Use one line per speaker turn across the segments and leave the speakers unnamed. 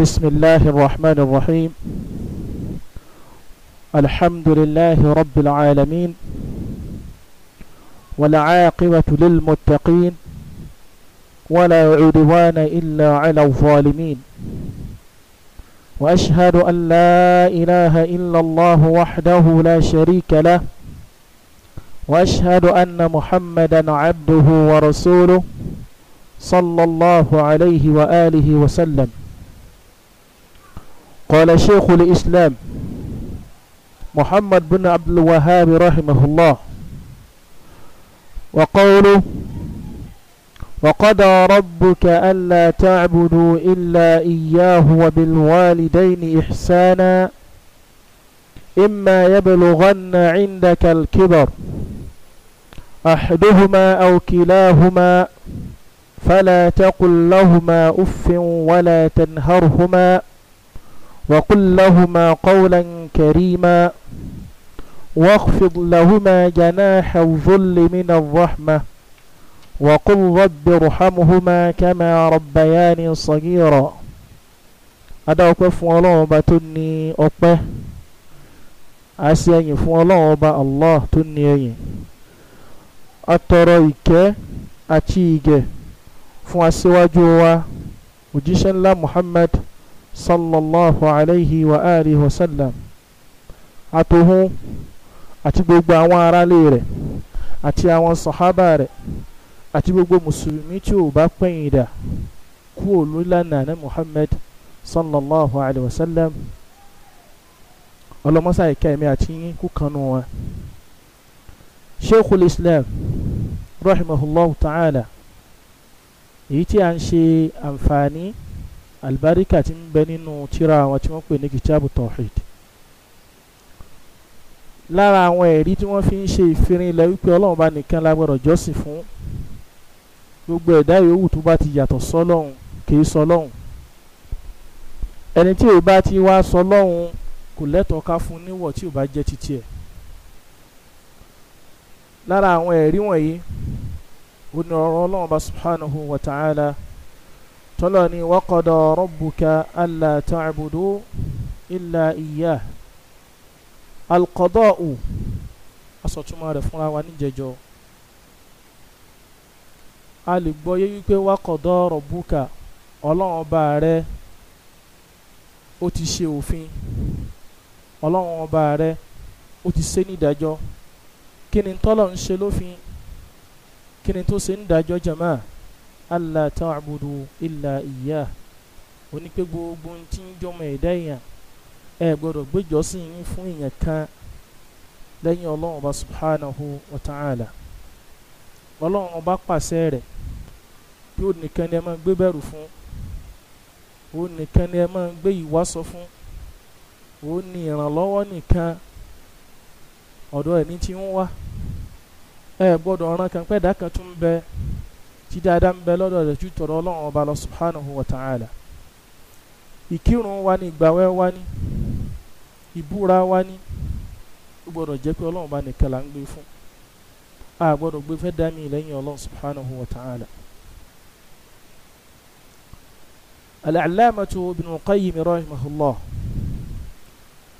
بسم الله الرحمن الرحيم الحمد لله رب العالمين والعاقبة للمتقين ولا عدوان إلا على الظالمين وأشهد أن لا إله إلا الله وحده لا شريك له وأشهد أن محمدا عبده ورسوله صلى الله عليه وآله وسلم قال شيخ الإسلام محمد بن عبد الوهاب رحمه الله وقوله وقد ربك ألا تعبدوا إلا إياه وبالوالدين إحسانا إما يبلغن عندك الكبر أحدهما أو كلاهما فلا تقل لهما أف ولا تنهرهما وقل لهما قولا كريما واخفض لهما جناح الظل من الرحمة وقل رب ارحمهما كما ربيان صغيرا هذا هو الله تني أقبه أسيان يفو الله الله تني أي أترويك أتيك فو أسيواجوا وجيشن لا محمد صلى الله عليه وآله وسلم àtòhun àti gbogbo àwọn aráalé rẹ̀ àti àwọn sàhábà rẹ̀ àti gbogbo mùsùlùmí tí ò bá pẹ̀yìn dà kúrò lónìlànà ní Muhammad sallallahu alayhi wa sallam ọlọmọsá ìka ẹ̀mí àti yín kú kanú wọn. sheikhul islam rahimahullahu ta'ala èyí tí a ń ṣe àǹfààní alibarika tí ń bẹ nínú tírà àwọn tí wọ́n pè ní kìtàbù tawhid lára àwọn ẹ̀rí tí wọ́n fi ń ṣe ìfirinlẹ̀ wípé ọlọ́run bá nìkan lágbọ́dọ̀ jọ́sìn fún gbogbo ẹ̀dá yòówù tó bá ti yàtọ̀ sọ́lọ́hun kìí sọ́lọ́hun ẹni tí ò bá ti wá sọ́lọ́hun kò lẹ́tọ̀ọ́ ká fún níwọ̀ tí ò bá jẹ́ títí ẹ̀ lára àwọn ẹ̀rí wọ̀nyí ó ọlọ́run bá subhanahu wa ta'ala tọ́lọ́ ni waqada rabbuka alla ta'budu illa iyyah alqada'u asọ̀túnmọ́ rẹ̀ fúnra wa níjẹjọ́ a lè gbọ́ yé wípé waqada rabbuka ọlọ́run ọba rẹ̀ ó ti ṣe òfin ọlọ́run ọba rẹ̀ ó ti ṣe nídàájọ́ kí ni tọ́lọ̀ ń ṣe lófin kí ni tó ṣe nídàájọ́ jàmáà allah ta'budu illa iyyah ó ní pé gbogbo ń tí ń jọmọ ẹ̀dá èèyàn ẹ gbọ́dọ̀ gbéjọ́sìn yín fún èèyàn kan lẹ́yìn ọlọ́run ọba subhanahu wa ta'ala ọlọ́run ọba pàṣẹ rẹ̀ pé ó nìkan ni ẹ máa gbé bẹ̀rù fún ó nìkan ni ẹ máa gbé ìwásọ fún ó ní ìrànlọ́wọ́ nìkan ọ̀dọ̀ ẹni tí ń wá ẹ gbọ́dọ̀ ọ̀ràn kan pẹ́ẹ́dá kan tún bẹ́ẹ̀ tí dáadáa ń bẹ lọ́dọ̀ rẹ̀ ju tọ̀dọ̀ ọlọ́run ọba lọ subhanahu wa ta'ala ìkírun wa ni ìgbàwẹ̀ wa ni ìbúra wa ni ó gbọ́dọ̀ jẹ́ pé ọlọ́run ọba nìkan là ń gbé fún a gbọ́dọ̀ gbé fẹ́ dámì lẹ́yìn ọlọ́run subhanahu wa ta'ala. al-allamatu ibn qayyim rahimahullah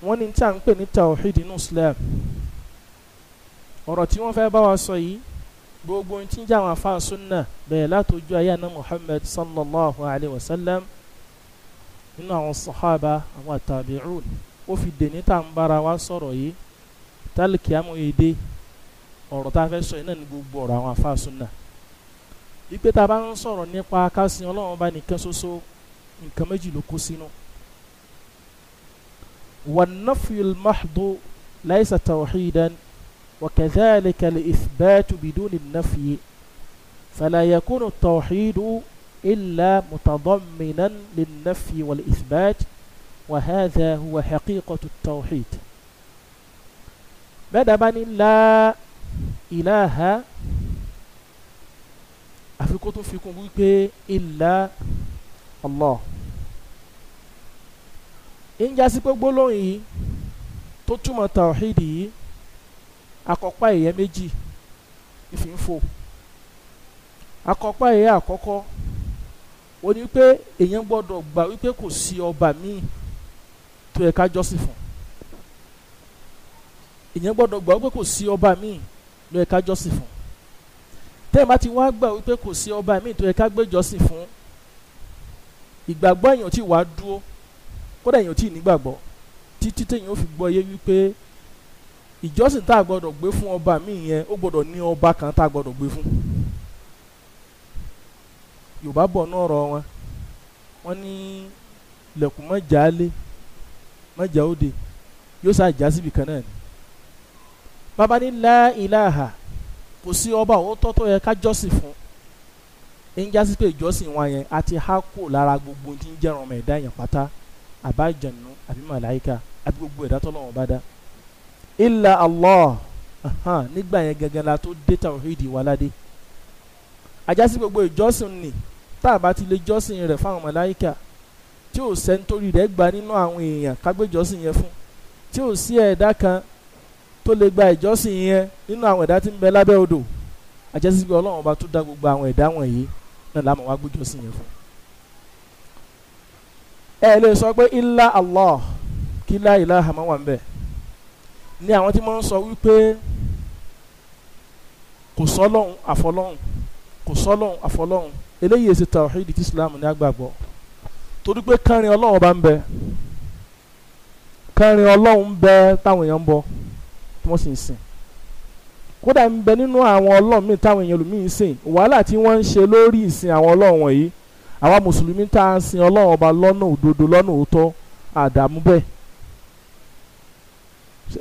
wọ́n ní tí a ń pè ní tawhid inú islam ọ̀rọ̀ tí wọ́n fẹ́ bá wa sọ yìí gbogbo ohun tí ń jẹ́ àwọn afa sunna bẹ̀rẹ̀ látọjú ayé àná Muhammad sallallahu alayhi wa sallam nínú àwọn sahaba àwọn tabi'un ó fi dèní tá à ń bára wa sọ̀rọ̀ yìí tálíkì àmọ́ èdè tá a fẹ́ sọ yìí náà ní gbogbo ọ̀rọ̀ àwọn afa sunna ìpè tá a bá ń sọ̀rọ̀ nípa kásìn ọlọ́run bá nìkan ṣoṣo nǹkan méjì ló kó sínú wan nafyul mahdu laysa وكذلك الإثبات بدون النفي فلا يكون التوحيد إلا متضمنا للنفي والإثبات وهذا هو حقيقة التوحيد ماذا من لا إله أفكت في fi إلا الله إن Allah ń jásí pé akɔkpa ɛyɛ méjì ìfínfò akɔkpa ɛyɛ àkọ́kọ́ ó ní pé èèyàn gbọ́dọ̀ gbà wípé kò sí ọba míì tó yẹ ká jọ́sìn fún èèyàn gbọ́dọ̀ gbà wípé kò sí ọba míì ló yẹ ká jọ́sìn fún tẹ́ẹ̀ bá ti wá gbà wípé kò sí ọba míì tó yẹ ká gbé jọ́sìn fún ìgbàgbọ́ èèyàn tí wàá dúró kódà èèyàn tí nígbàgbọ́ títí téèyàn fi gbọ́ yé wípé ìjọsìn tá a gbọ́dọ̀ gbé fún ọba mi yẹn ó gbọ́dọ̀ ní ọba kan tá a gbọ́dọ̀ gbé fún yorùbá bọ̀ náà rọ wọn wọn ní lẹ̀kùn mọ́jà lé mọ́jà òde yóò sá ìjà síbi kan náà ni bàbá ní láìláha kò sí ọba òótọ́ tó yẹ ká jọ́sìn fún ń jásí pé ìjọsìn wa yẹn àti há kò lára gbogbo tí ń jẹ́ràn ọmọ ẹ̀dá yẹn pátá àbájánu àbí màláìka àbí gbogbo ẹ̀dá tọ́lọ́run bá dá illa Allah nígbà yẹn gẹ́gẹ́ la tó dé tawhidi wàládé àjásí gbogbo ìjọsìn ni tá a bá ti lè jọ́sìn rẹ̀ fáwọn màláíkà tí ò sẹ́ńtórí rẹ̀ gba nínú àwọn èèyàn kágbéjọ́sìn yẹn fún tí ò sí ẹ̀dá kan tó lè gba ìjọsìn yẹn nínú àwọn ẹ̀dá tí ń bẹ lábẹ́ odò àjẹsí pé ọlọ́run ọba tó dá gbogbo àwọn ẹ̀dá wọ̀nyí náà láwọn wá gbéjọsìn yẹn fún. ẹ lè sọ pé ilá Allah kí lá ilaha má wà ń bẹ̀ ni àwọn tí wọ́n ń sọ wípé kò sọ́lọ́hún àfọlọ́hún kò sọ́lọ́hún àfọlọ́hún eléyìí èsì tàwáhídì tí Islam ní àgbàgbọ́ torí pé kẹrin ọlọ́run bá ń bẹ kẹrin ọlọ́run ń bẹ táwọn èèyàn ń bọ tí wọ́n sì ń sìn kódà ń bẹ nínú àwọn ọlọ́run míì táwọn èèyàn lòmíì ń sìn wàhálà tí wọ́n ń ṣe lórí ìsìn àwọn ọlọ́run wọ̀nyí àwa mùsùlùmí tá a ń sin ọlọ́run ọba lọ́nà òdodo lọ́nà òótọ́ àdàmú bẹ́ẹ̀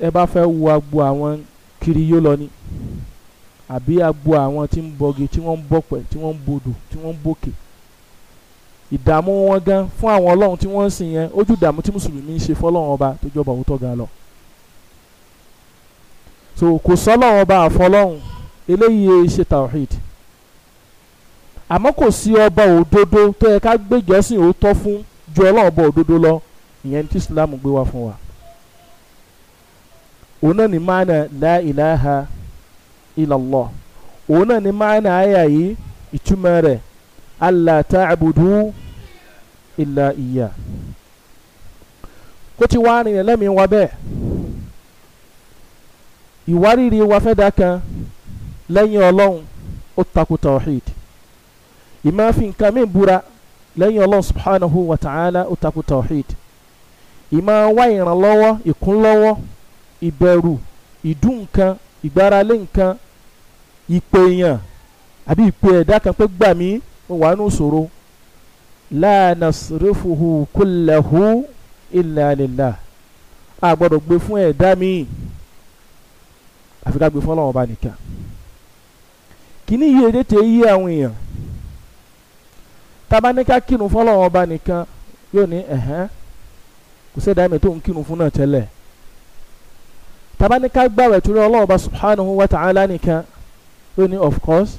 ẹ bá fẹ́ wo agbo àwọn kiri yó lọ ni àbí agbo àwọn tí ń bọgi tí wọ́n ń bọ̀pẹ̀ tí wọ́n ń bodò tí wọ́n ń bòkè ìdààmú wọn gan fún àwọn ọlọ́run tí wọ́n ń sìn yẹn ojú ìdààmú tí mùsùlùmí ń ṣe fọlọ́run ọba tó jọba òun tọ́ga lọ so kò sọ́lọ́run ọba àfọlọ́run eléyìí e ṣe tawhid àmọ́ kò sí ọba òdodo tó yẹ ká gbé ìjọsìn òótọ́ fún ju ọlọ́run ọba òdodo lọ ìyẹn tí Islam gbé wá fún wa òun náà ni máàna la ilaha illallah òun náà ni máàna àyà yìí ìtumọ̀ rẹ̀ alla ta'budu illa iya kó ti wá rìnrìn lẹ́mìí wa bẹ́ẹ̀ ìwárìrì wa fẹ́ dá kan lẹ́yìn ọlọ́run ó takò tawhid ìmáa fi nǹkan mí búra ọlọ́run subhanahu wa ta'ala ó takò tawhid ìmáa ìrànlọ́wọ́ ìkúnlọ́wọ́ ìbẹ̀rù ìdún nǹkan ìgbáralé nǹkan ìpè èèyàn àbí ìpè ẹ̀dá kan pé gbà mí mo wà nù sòro la nasrifuhu kullahu illa lillah a gbọ́dọ̀ gbé fún ẹ̀dá mi àfi ká gbé fún Ọlọ́run ọba nìkan kíní yìí èdè tẹ yí àwọn èèyàn tabaníkà kírun fún Ọlọ́run ọba nìkan yóò ní ẹ̀hẹ́n kò sí ẹ̀dá mi tó ń kírun fún náà tẹ́lẹ̀ Taba ni ká gbàwẹ̀ torí Ọlọ́run Ọba subhanahu wa ta'ala nìkan ó ní of course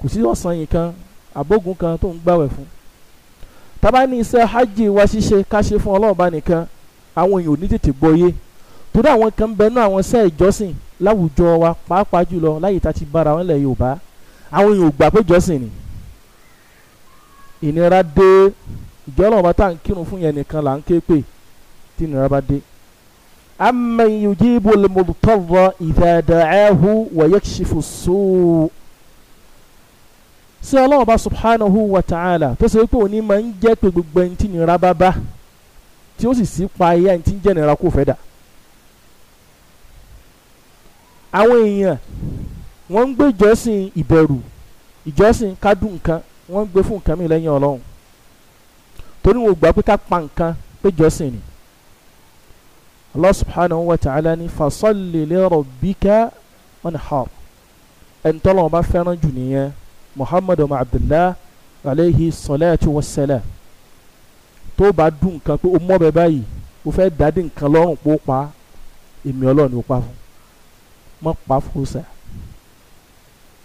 kò sí ọ̀sán yìí kan àbógun kan tó ń gbàwẹ̀ fún tabani iṣẹ́ hajj wa ṣíṣe ká ṣe fún Ọlọ́run Ọba nìkan àwọn èèyàn ò ní tètè gbọ́yé torí àwọn kan ń bẹnu àwọn iṣẹ́ ìjọsìn láwùjọ wa pàápàá jùlọ láyè tá ti bára wọn lẹ̀ Yorùbá àwọn èèyàn ò gbà pé ìjọsìn ni ìnira dé ìjọ́lọ́wọ́ bá tá à ń kírun fún yẹn nìkan là ń ké pè tí ìnira bá dé amman yujibu al-mudtarra idha da'ahu wa yakshifu as-su' sí ọlọ́run bá subhanahu wa ta'ala tó ṣe pé òní máa ń jẹ́ pé gbogbo ẹni tí nira bá bá tí ó sì sí pa ayé ẹni tí ń jẹ́ nira kó fẹ́ dà àwọn èèyàn wọ́n ń gbé ìjọsìn ìbẹ̀rù ìjọsìn kádùn nǹkan wọ́n ń gbé fún nǹkan mi lẹ́yìn ọlọ́run torí wọn gbà pé ká pa nǹkan pé ìjọsìn ni Allah subhanahu wa ta'ala ni fasalli li rabbika wanhar ẹni tọ́lọ́ ọba fẹ́ràn jù nìyẹn Muhammad ọmọ Abdullah alayhi salatu wa salam tó bá dùn nǹkan pé o mọ̀ bẹ́ẹ̀ báyìí o fẹ́ dádì nǹkan lọ́rùn pé ó pa èmi ọlọ́run ó pa fún mọ̀ pa fún sà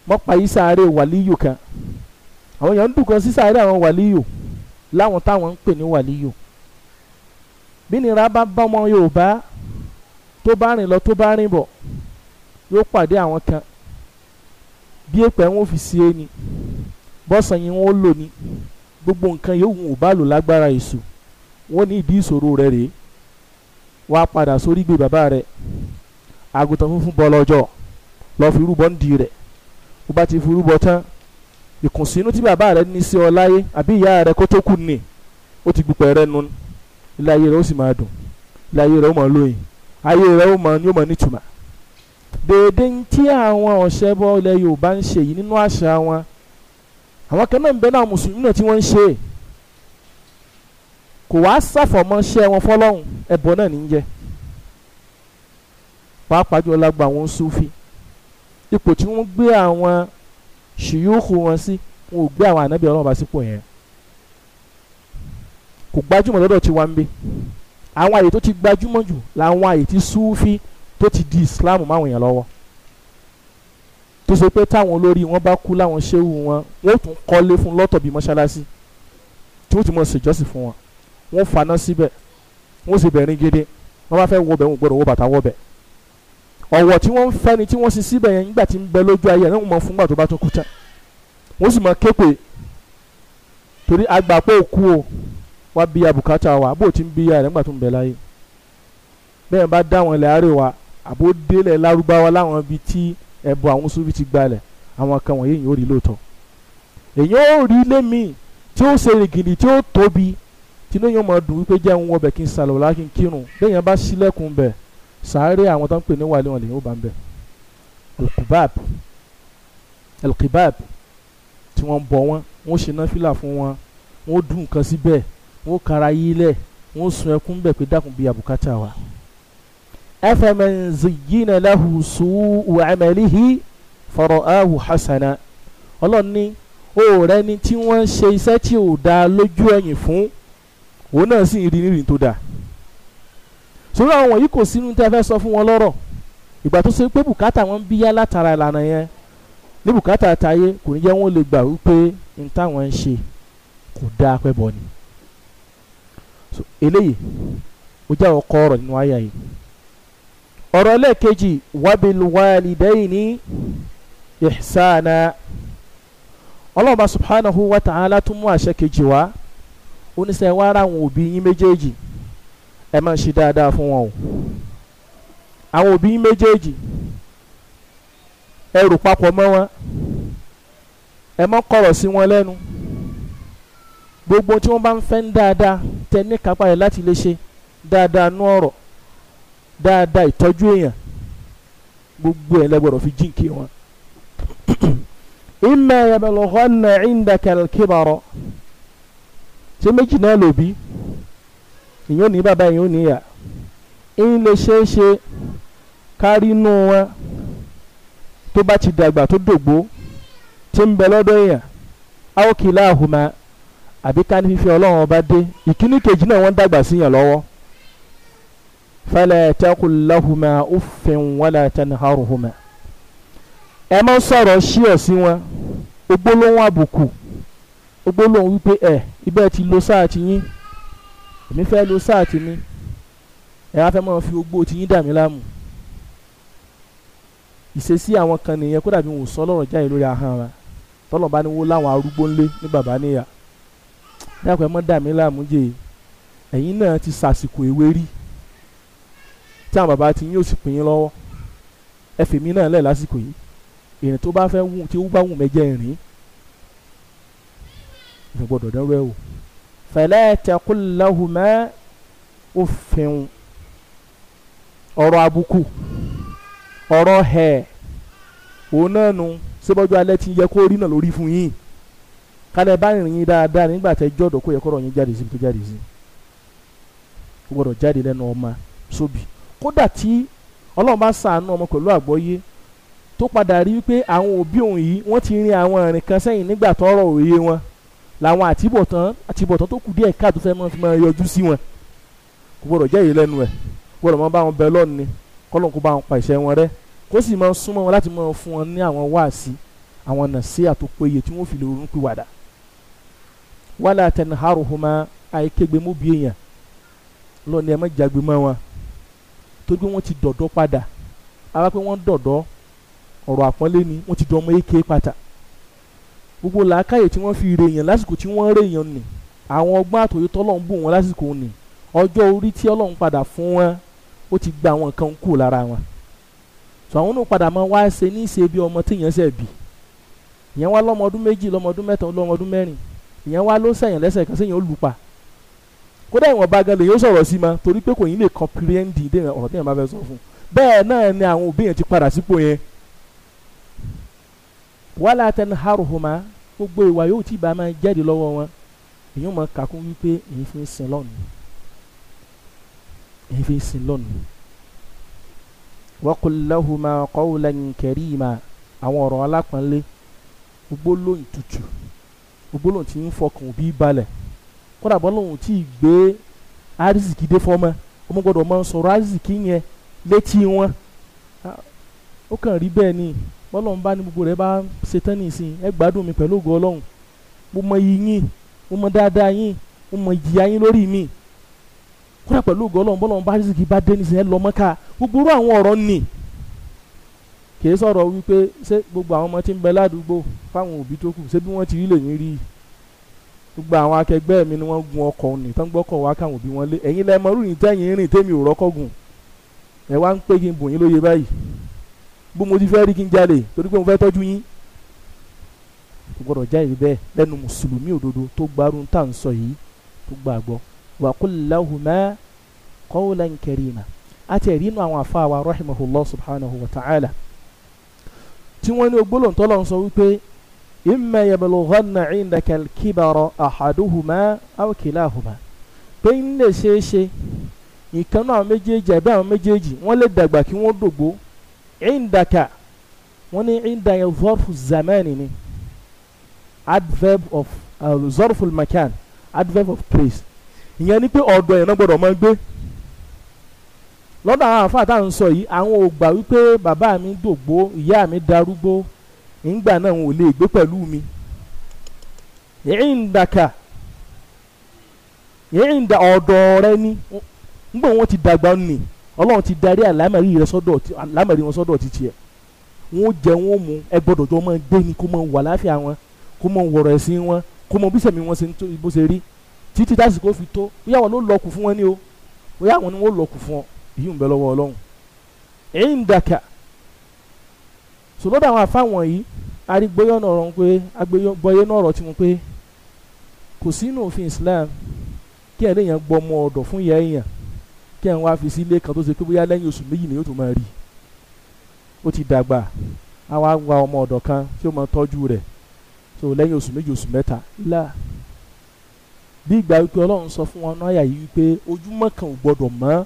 mọ̀ pa yìí sáré wàlíyù kan àwọn èèyàn ń dùn kan sí sáré àwọn wàlíyù láwọn táwọn ń pè ní wàlíyù bí nira bá bá ọmọ Yorùbá tó bá rìn lọ tó bá rìn bọ̀ yóò pàdé àwọn kan bí èpẹ́ wọn fi sí ẹni bọ́sàn yìí wọn lò ní gbogbo nǹkan yóò wù ú bá lò lágbára èṣù wọn ní ìdí ìṣòro rẹ rèé wàá padà sórí gbé bàbá rẹ àgùntàn funfun bọ́ lọ́jọ́ lọ́ọ́ fi rúbọ ń di rẹ̀ bó bá ti fi tán ìkùnsínú tí bàbá rẹ ní sí ọ láyé àbí ìyá rẹ kó tó kù ní ó ti gbùpẹ̀ rẹ nu ni ilé ayé rẹ ó sì máa dùn ilé ayé rẹ ó máa lóyìn ayé rẹ ó máa yóò máa nítumọ̀ dèédé tí àwọn ọ̀ṣẹ́bọ ilẹ̀ Yorùbá ń ṣe yìí nínú àṣà wọn àwọn kan náà ń bẹ náà mùsùlùmí náà tí wọ́n ń ṣe kò wá ṣàfọ̀mọ́ṣẹ́ wọn fọlọ́hún ẹbọ náà ní í jẹ pàápàá jùlọ lágbo àwọn sufi ipò tí wọ́n gbé àwọn ṣìyókù wọn sí wọn ò gbé àwọn ànábì Ọlọ́run bá sípò yẹn kò gbajúmọ̀ lọ́dọ̀ tiwa ń bẹ àwọn àyè tó ti gbajúmọ̀ jù làwọn àyè tí súfì tó ti di islam máwọn èèyàn lọ́wọ́ tó ṣe pé táwọn olórí wọn bá kú láwọn ṣéwù wọn wọn ò tún kọ́lé fún lọ́tọ̀ bíi mọ́ṣáláṣí tí wọ́n ti mọ̀ ṣèjọ́sìn fún wọn wọ́n faná síbẹ̀ wọ́n sì bẹ̀rin gidi wọ́n bá fẹ́ wọ bẹ̀ wọ́n gbọ́dọ̀ wọ bàtà wọ bẹ̀ ọ̀wọ̀ tí wọ́n ń fẹ́ ni tí wọ́n sì síbẹ̀ yẹn nígbà tí ń bẹ lójú ayé náà wọ́n mọ̀ fúngbà tó bá tún kú tán wọ́n sì mọ̀ képe torí agbà pé òkú o wá bíya bùkátà wa bó ti ń bíya rẹ̀ nígbà tó ń bẹ láyé bẹ́ẹ̀ bá dá àwọn ilẹ̀ àríwá àbó délẹ̀ lárúbáwá láwọn ibi tí ẹ̀bọ àwọn sufi ti gbalẹ̀ àwọn kan wọ̀nyí yóò rí lóòótọ́ èyàn ó rí lémi tí ó ṣe rìgìlì tí ó tóbi tí inú yóò máa dùn wípé jẹ́ ń wọ bẹ̀ kí n sàlọ̀ lá kí kírun bẹ́ẹ̀ yẹn bá sílẹ̀kùn bẹ̀ sàárè àwọn tó ń pè ní wàlẹ́ wọn lè yóò bá ń bẹ̀ alkibab alkibab tí wọ́n bọ̀ wọ́n wọ́n ṣe náfìlà fún wọn wọ́n dùn nǹkan síbẹ̀ wọ́n kara yí lẹ̀ wọ́n sun ẹkún bẹ̀ pé dákun bí àbùkátà wa. afaman zayyina lahu su'u amalihi fara'ahu hasana ọlọ́run ní òòrẹ́ ni tí wọ́n ń ṣe iṣẹ́ tí ò dáa lójú ẹ̀yìn fún òun náà sì ń rí nírìn tó dáa sórí àwọn wọ̀nyí kò sínú tẹ́ fẹ́ sọ fún wọn lọ́rọ̀ ìgbà tó ṣe pé bùkátà wọn ń bíyá látara ìlànà yẹn ní bùkátà àtayé kò ní jẹ́ wọ́n lè gbà wípé n táwọn ń ṣe kò dáa pẹ́ bọ́ ni so eléyìí ó jẹ́ àwọn kọ́ ọ̀rọ̀ nínú àyà yìí ọ̀rọ̀ ẹlẹ́ẹ̀kejì wabil walidayni ihsana ọlọ́ọ̀bá subhanahu wa ta'ala tún mú àṣẹ kejì wá ó ní sẹ́yìn wá àwọn òbí yín méjèèjì ẹ máa ń ṣe dáadáa fún wọn o àwọn òbí yín méjèèjì ẹ rò papọ̀ mọ́ wọn ẹ má kọ̀rọ̀ sí wọn lẹ́nu. gbogbo tí wọ́n bá ń fẹ́ ń dáadáa tẹ ní kápá rẹ̀ láti lè ṣe dáadáa nú ọ̀rọ̀ dáadáa ìtọ́jú èèyàn gbogbo ẹ̀ lẹ́gbọ̀rọ̀ fi jíǹkì wọn. imma yablughanna indaka al-kibara ṣé méjì náà lò ìyẹn ò ní bàbá ìyẹn ò ní ìyá ń lè ṣeé kárí inú wọn tó bá ti dàgbà tó dògbó tí ń bẹ lọ́dọ̀ èèyàn aw kilahuma àbí ká ní fífi ọlọ́run ọba dé ìkíní kejì náà wọ́n dàgbà síyàn lọ́wọ́ fala taqul lahuma uffin wala tanharuhuma ẹ má sọ̀rọ̀ ṣíọ̀ sí wọn ogbólóhùn àbùkù ogbólóhùn wípé ẹ ibẹ̀ ti lo sáà ti yín èmi fẹ́ lo sáà ti mi ẹ wá fẹ́ máa fi ogbó ti yín dà mí láàmú ìṣesí àwọn kan nìyẹn kó dàbí wọn ò lọ́rọ̀ jáde lórí ahọ́n wa tọ́lọ̀ bá ní wọ́n láwọn arúgbó ńlé ní bàbá níyà dákun ẹ mọ́ dà mí láàmú jẹ́ ẹ̀yin náà ti sàsìkò èwe rí tí àwọn bàbá ti yín ò sì pín in lọ́wọ́ ẹ fèmí náà lẹ̀ lásìkò yìí ìrìn tó bá fẹ́ wù tí ó bá wù mẹ́jẹ ìrìn ẹ gbọ́dọ̀ dẹ́rù ẹ wò. fala taqul lahuma uffin ọ̀rọ̀ àbùkù ọ̀rọ̀ hẹ̀ òun náà nu ṣé bọ́jú alẹ́ ti yẹ kó rí náà lórí fún yín kálẹ̀ bá rìn yín dáadáa nígbà tẹ jọ́dọ̀ kó yẹ kọ́rọ̀ yín jáde sí tó jáde sí kó gbọ́dọ̀ jáde lẹ́nu ọmọ sóbì kódà tí ọlọ́run bá sàánú ọmọ pẹ̀lú àgbọ́yé tó padà rí wípé àwọn òbí òun yìí wọ́n ti rin àwọn ìrìn kan sẹ́yìn nígbà tọ́rọ̀ òye wọn làwọn àtibọ̀tán àtibọ̀tán tó kù díẹ̀ káàtó fẹ́ máa fi máa yọjú sí wọn kò gbọ́dọ̀ jẹ́ ìlẹ́nu ẹ̀ kò gbọ́dọ̀ máa bá wọn bẹ lọ́ọ̀ni kọ́lọ́n kó bá wọn pa ìṣẹ́ wọn rẹ́ kó sì máa súnmọ́ wọn láti máa fún wọn ní àwọn wáàsí àwọn nàṣíà tó péye tí wọ́n fi lè ronú pìwàdà wala tanharuhuma àìkégbe mú bíi èèyàn lọ́ni ẹ̀ má jagbe mọ́ wọn torí pé wọ́n ti dọ̀dọ́ padà ara pé wọ́n dọ̀dọ́ ọ̀rọ̀ àpọ́nlé ni wọ́n ti dọ̀ ọmọ èké pata gbogbo làákàyè tí wọ́n fi re èèyàn lásìkò tí wọ́n rè èèyàn nì àwọn ọgbọ́n àtòyè tọ́lọ́run bù wọn lásìkò nì ọjọ́ orí tí ọlọ́run padà fún wọn ó ti gba àwọn nǹkan kù lára wọn sọ àwọn náà padà máa wá ṣe ní ìṣe bí ọmọ téèyàn ṣẹ̀ bí ìyẹn wá lọ́mọ méjì lọ́mọ ọdún mẹ́ta lọ́mọ ìyẹn wá ló sẹ̀yìn lẹ́sẹ̀ kan sẹ́yìn ó lù pa kódà ìwọ̀n bá gan lè yóò sọ̀rọ̀ sí ma torí pé kò yín lè comprehend ìdènà ọ̀rọ̀ téèyàn bá fẹ́ sọ fún bẹ́ẹ̀ náà ni àwọn òbí yẹn ti padà sípò yẹn wala tanharuhuma gbogbo ìwà yóò tí bá máa jáde lọ́wọ́ wọn èyí máa kàkún wípé èyí fi ń sin lọ́nu èyí fi ń sin lọ́nu wa qul lahuma qawlan àwọn ọ̀rọ̀ alápọ̀nlé gbogbo lóyún tutù ògbólóhùn tí ń fọkàn òbí balẹ̀ kódà bọ́lọ́hùn tí ì gbé arizikì dé fọ́mọ ọmọ gbọ́dọ̀ máa ń sọ̀rọ̀ arizikì yẹn létí wọn ó kàn rí bẹ́ẹ̀ ni bọ́lọ́hùn bá ní gbogbo rẹ̀ bá ṣe tán nìsín ẹ gbádùn mi pẹ̀lú ògo ọlọ́hùn mo mọ iyì mo mọ dáadáa yín mo mọ ìjìyà yín lórí mi kódà pẹ̀lú ògo ọlọ́hùn bọ́lọ́hùn bá arizikì bá dé nìsín ẹ lọ mọ́ká gbogbo irú àwọn ọ̀rọ̀ nì kì í sọ̀rọ̀ wípé ṣé gbogbo àwọn ọmọ tí ń bẹ ládùúgbò fáwọn òbí tó kù ṣé bí wọ́n ti rí lèyìn rí gbogbo àwọn akẹgbẹ́ mi ni wọ́n gun ọkọ̀ òní tán gbọ́kọ̀ òbí wọn lé ẹ̀yin lẹ mọ rúyìn tẹ́yìn rìn ò ẹ wá ń pè kí n bò yín lóye báyìí bó mo ti fẹ́ rí kí n jalè torí pé mo fẹ́ tọ́jú yín kò já èyí bẹ́ẹ̀ lẹ́nu mùsùlùmí òdodo tó gbárùn tá à ń sọ yìí tó gbàgbọ́ tí wọ́n ní ogbólóhùn tó lọ́n sọ wípé imma yablughanna indaka al-kibara ahaduhuma aw kilahuma pé ń lè ṣeé ṣe ìkànnà àwọn méjèèjì àbí àwọn méjèèjì wọ́n lè dàgbà kí wọ́n dògbó indaka wọ́n ní indaka zorfu zamani ni adverb of uh, zorfu makan adverb of place ìyẹn ni pé ọ̀dọ̀ yẹn náà gbọ́dọ̀ máa gbé. lọ́dọ̀ àwọn àfáà tá ń sọ yìí àwọn ò gbà wípé bàbá mi dògbó ìyá mi darúgbó ìgbà náà wọn ò lè gbé pẹ̀lú mi. ìyíǹdàkà ìyíǹdà ọ̀dọ̀ rẹ ni ngbọ̀n wọn ti dàgbà nì ọlọ́run ti darí àlámẹ̀rí rẹ sọ́dọ̀ àlámẹ̀rí wọn sọ́dọ̀ ti tiẹ̀ wọn jẹ wọn ó mu ẹ jọ máa gbé ni kó máa wà láàfíà wọn kó máa wọ̀rọ̀ yìí ń bẹ lọ́wọ́ ọlọ́run èyí ń dàkà sọlọ́dà àwọn afáwọn yìí arígbóyọ̀ náà rọ̀ pé agbóyè náà rọ̀ tiwọn pé kò sínú òfin Islam kí ẹ̀ léèyàn gbọ́ ọmọ ọ̀dọ̀ fún ìyá èèyàn kí ẹ̀ wá fi sí ilé kan tó ṣe pé bóyá lẹ́yìn oṣù méjì ni yóò tún máa rí ó ti dàgbà àwa ń wa ọmọ ọ̀dọ̀ kan tí ó máa tọ́jú rẹ̀ so lẹ́yìn oṣù méjì oṣù mẹ́ta là bí ìgbà wípé Ọlọ́run sọ fún wọn náà yà yí wípé ojúmọ́ kan ò gbọ́dọ̀ mọ́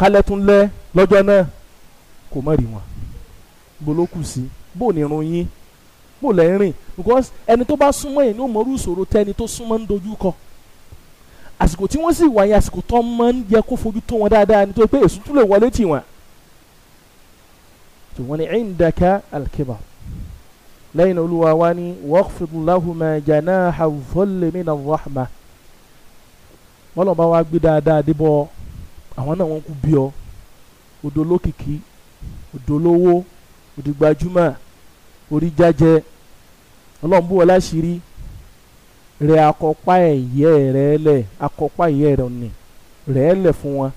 kálẹ̀ tún lẹ́ lọ́jọ́ náà kò mọ̀ rí wọn bó ló kù sí bó ní irun yín bó lẹ́ ń rìn because ẹni tó bá súnmọ́ yẹn ni ó mọrú ìṣòro tẹ́ni tó súnmọ́ ń dojú kọ àsìkò tí wọ́n sì wáyé àsìkò tó máa ń yẹ kó fojú tó wọn dáadáa nítorí pé èso tún lè wọlé tì wọ́n tí wọ́n ní indaka alkiba lẹ́yìn olúwa wa ní waqfid lahuma janaha dhulli mina rahma wọ́n lọ́ọ́ bá wá gbé dáadáa débọ̀ àwọn náà wọ́n kú bí ọ odò olókìkí odò olówó odò gbajúmọ̀ orí jájẹ ọlọ́run bú wọlé àṣírí rẹ akọpa ẹ̀yẹ rẹ lẹ akọpa ẹ̀yẹ rẹ ni rẹ lẹ fún wọn